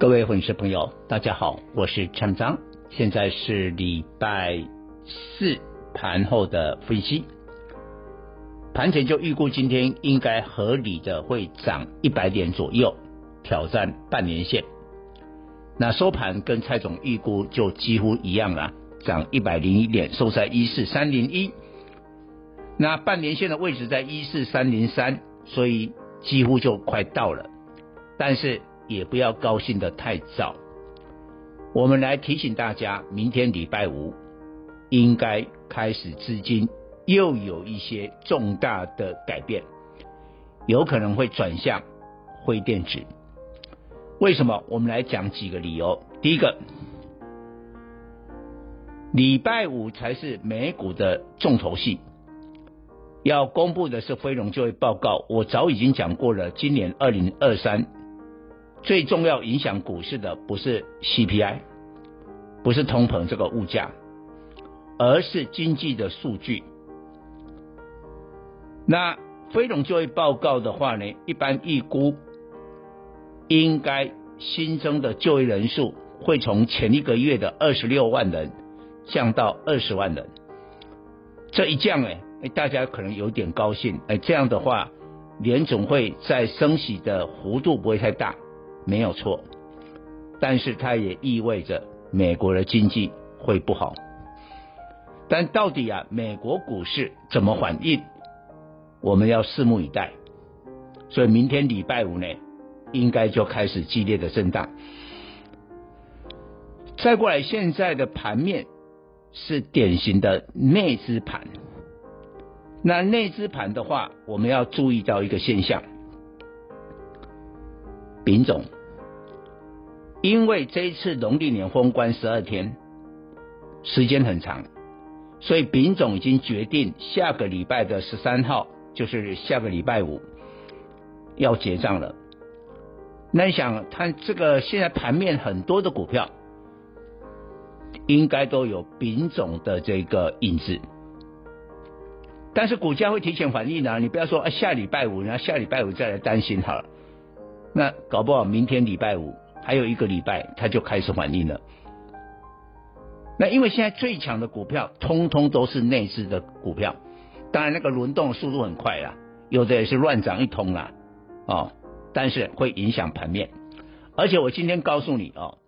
各位粉絲朋友，大家好，我是明彰，現在是禮拜四盤後的分析。盤前就預估今天應該合理的會漲一百點左右，挑戰半年線。那收盤跟蔡總預估就幾乎一樣了，漲一百零一點，收在一四三零一。那半年線的位置在一四三零三，所以幾乎就快到了，但是。也不要高興的太早。我們來提醒大家，明天禮拜五應該開始資金又有一些重大的改變，有可能會轉向非電子，為什麼？我們來講幾個理由。第一個，禮拜五才是美股的重頭戲，要公布的是非農就業報告。我早已經講過了，今年二零二三。最重要影響股市的不是 CPI，不是通膨這個物價，而是經濟的數據。那非農就業報告的話呢，一般預估應該新增的就業人數會從前一個月的二十六萬人降到二十萬人。這一降哎，欸，大家可能有點高興哎，欸，這樣的話聯總會在升息的幅度不會太大。沒有錯，但是它也意味着美國的經濟會不好。但到底啊，美國股市怎麼反應，我們要拭目以待。所以明天禮拜五呢，應該就開始激烈的震盪。再過來，現在的盤面是典型的內資盤。那內資盤的話，我們要注意到一個現象，丙種。因為這一次農曆年封關十二天，時間很長，所以丙種已經決定下個禮拜的十三號，就是下個禮拜五要結賬了。那你想，他這個現在盤面很多的股票，應該都有丙種的這個影子，但是股價會提前反應呢，啊。你不要說啊，下禮拜五，然後下禮拜五再來擔心好了。那搞不好明天禮拜五。還有一個禮拜，它就開始反應了。那因為現在最強的股票，通通都是內資的股票，當然那個輪動的速度很快啦，有的也是亂漲一通啦，哦，但是會影響盤面。而且我今天告訴你哦，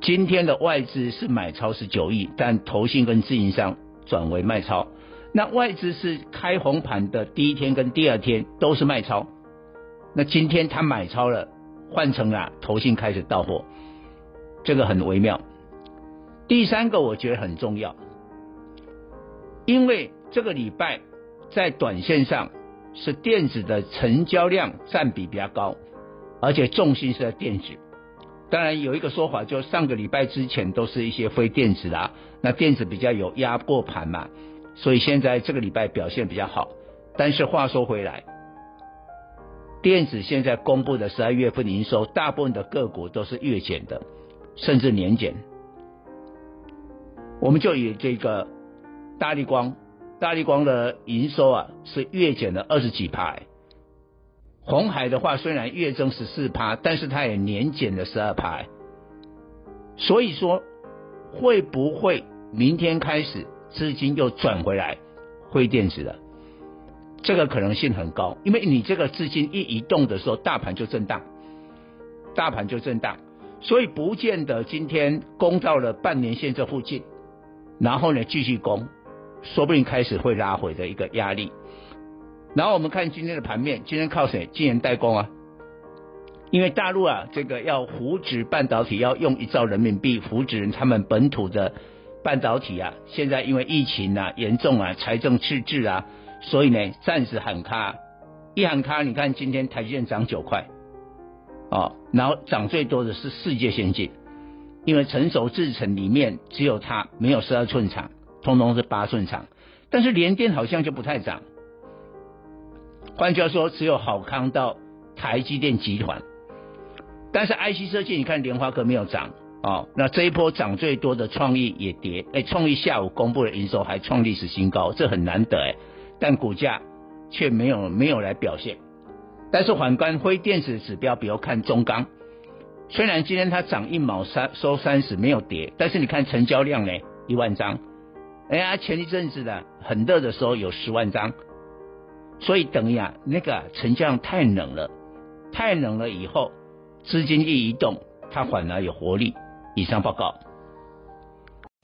今天的外資是買超十九億，但投信跟自營商轉為賣超。那外資是開紅盤的第一天跟第二天都是賣超，那今天他買超了。換成了、啊、投信開始到貨，這個很微妙。第三個我覺得很重要，因為這個禮拜在短線上是電子的成交量占比比較高，而且重心是在電子。當然有一個說法，就上個禮拜之前都是一些非電子啦、啊，那電子比較有壓過盤嘛，所以現在這個禮拜表現比較好。但是話說回來。電子現在公布的十二月份營收，大部分的個股都是月減的，甚至年減。我們就以這個大立光，大立光的營收啊是月減了二十幾趴，鴻海的話雖然月增十四趴，但是它也年減了十二趴。所以說，會不會明天開始資金又轉回來，回電子的？這個可能性很高，因為你這個資金一移動的時候，大盤就震盪，大盤就震盪，所以不見得今天攻到了半年線這附近，然後呢繼續攻，說不定開始會拉回的一個壓力。然後我們看今天的盤面，今天靠誰？晶圓代工啊，因為大陸啊，這個要扶植半導體，要用一兆人民幣扶植他們本土的半導體啊。現在因為疫情啊嚴重啊，財政赤字啊。所以呢，暫時喊卡，一喊卡，你看今天台積電漲九塊，哦，然後漲最多的是世界先進，因為成熟製程裡面只有它沒有十二寸廠，通通是八寸廠。但是聯電好像就不太漲，換句話說，只有好康到台積電集團。但是 IC 設計，你看聯發科沒有漲，哦，那這一波漲最多的創意也跌，哎、欸，創意下午公布了營收，還創歷史新高，這很難得哎、欸。但股價卻沒有沒有來表現，但是反觀非電子指標，比如看中鋼，雖然今天它漲一毛三收三十沒有跌，但是你看成交量呢，一萬張，哎呀前一陣子呢，很熱的時候有十萬張，所以等一下那個成交量太冷了，太冷了以後資金一移動，它反而有活力。以上報告。